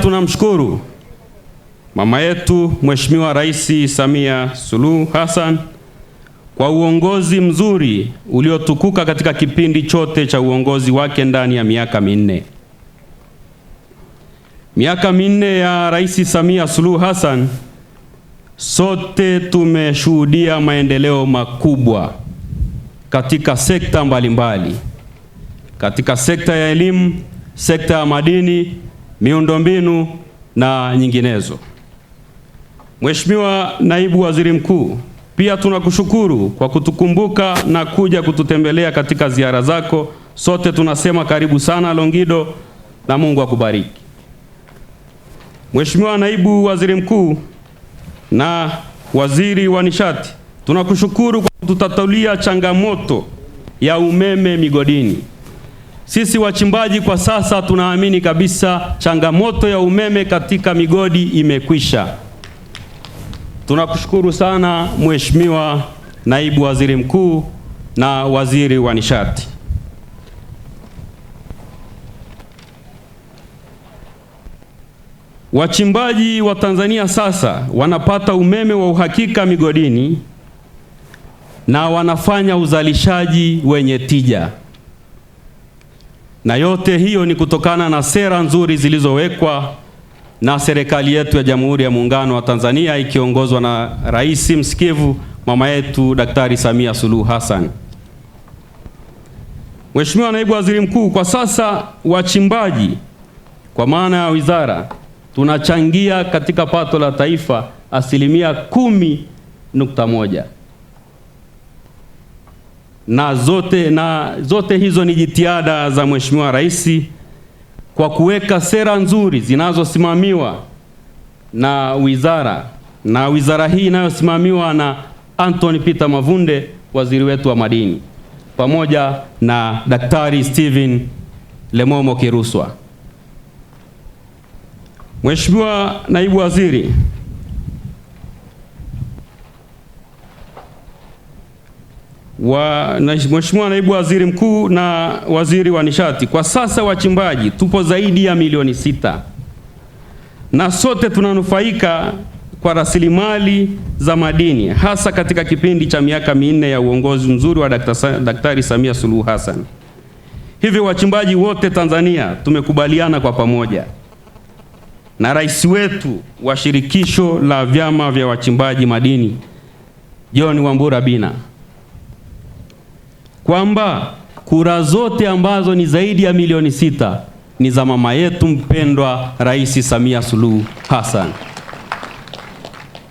Tunamshukuru mama yetu Mheshimiwa Rais Samia Suluhu Hassan kwa uongozi mzuri uliotukuka katika kipindi chote cha uongozi wake ndani ya miaka minne. Miaka minne ya Rais Samia Suluhu Hassan, sote tumeshuhudia maendeleo makubwa katika sekta mbalimbali mbali. Katika sekta ya elimu, sekta ya madini miundombinu na nyinginezo. Mheshimiwa Naibu Waziri Mkuu, pia tunakushukuru kwa kutukumbuka na kuja kututembelea katika ziara zako. Sote tunasema karibu sana Longido na Mungu akubariki. Mheshimiwa Naibu Waziri Mkuu na Waziri wa Nishati, tunakushukuru kwa kututatulia changamoto ya umeme migodini. Sisi wachimbaji kwa sasa tunaamini kabisa changamoto ya umeme katika migodi imekwisha. Tunakushukuru sana Mheshimiwa Naibu Waziri Mkuu na Waziri wa Nishati. Wachimbaji wa Tanzania sasa wanapata umeme wa uhakika migodini na wanafanya uzalishaji wenye tija na yote hiyo ni kutokana na sera nzuri zilizowekwa na serikali yetu ya Jamhuri ya Muungano wa Tanzania ikiongozwa na rais msikivu mama yetu Daktari Samia Suluhu Hassan. Mheshimiwa Naibu Waziri Mkuu, kwa sasa wachimbaji kwa maana ya wizara tunachangia katika pato la taifa asilimia kumi nukta moja na zote, na zote hizo ni jitihada za Mheshimiwa Rais kwa kuweka sera nzuri zinazosimamiwa na wizara na wizara hii inayosimamiwa na Anthony Peter Mavunde, waziri wetu wa madini, pamoja na Daktari Steven Lemomo Kiruswa. Mheshimiwa naibu waziri wa Mheshimiwa Naibu Waziri Mkuu na Waziri wa Nishati, kwa sasa wachimbaji tupo zaidi ya milioni sita na sote tunanufaika kwa rasilimali za madini hasa katika kipindi cha miaka minne ya uongozi mzuri wa Daktari Samia Suluhu Hassan. Hivyo wachimbaji wote Tanzania tumekubaliana kwa pamoja na rais wetu wa shirikisho la vyama vya wachimbaji madini John Wambura Bina kwamba kura zote ambazo ni zaidi ya milioni sita ni za mama yetu mpendwa Rais Samia Suluhu Hassan.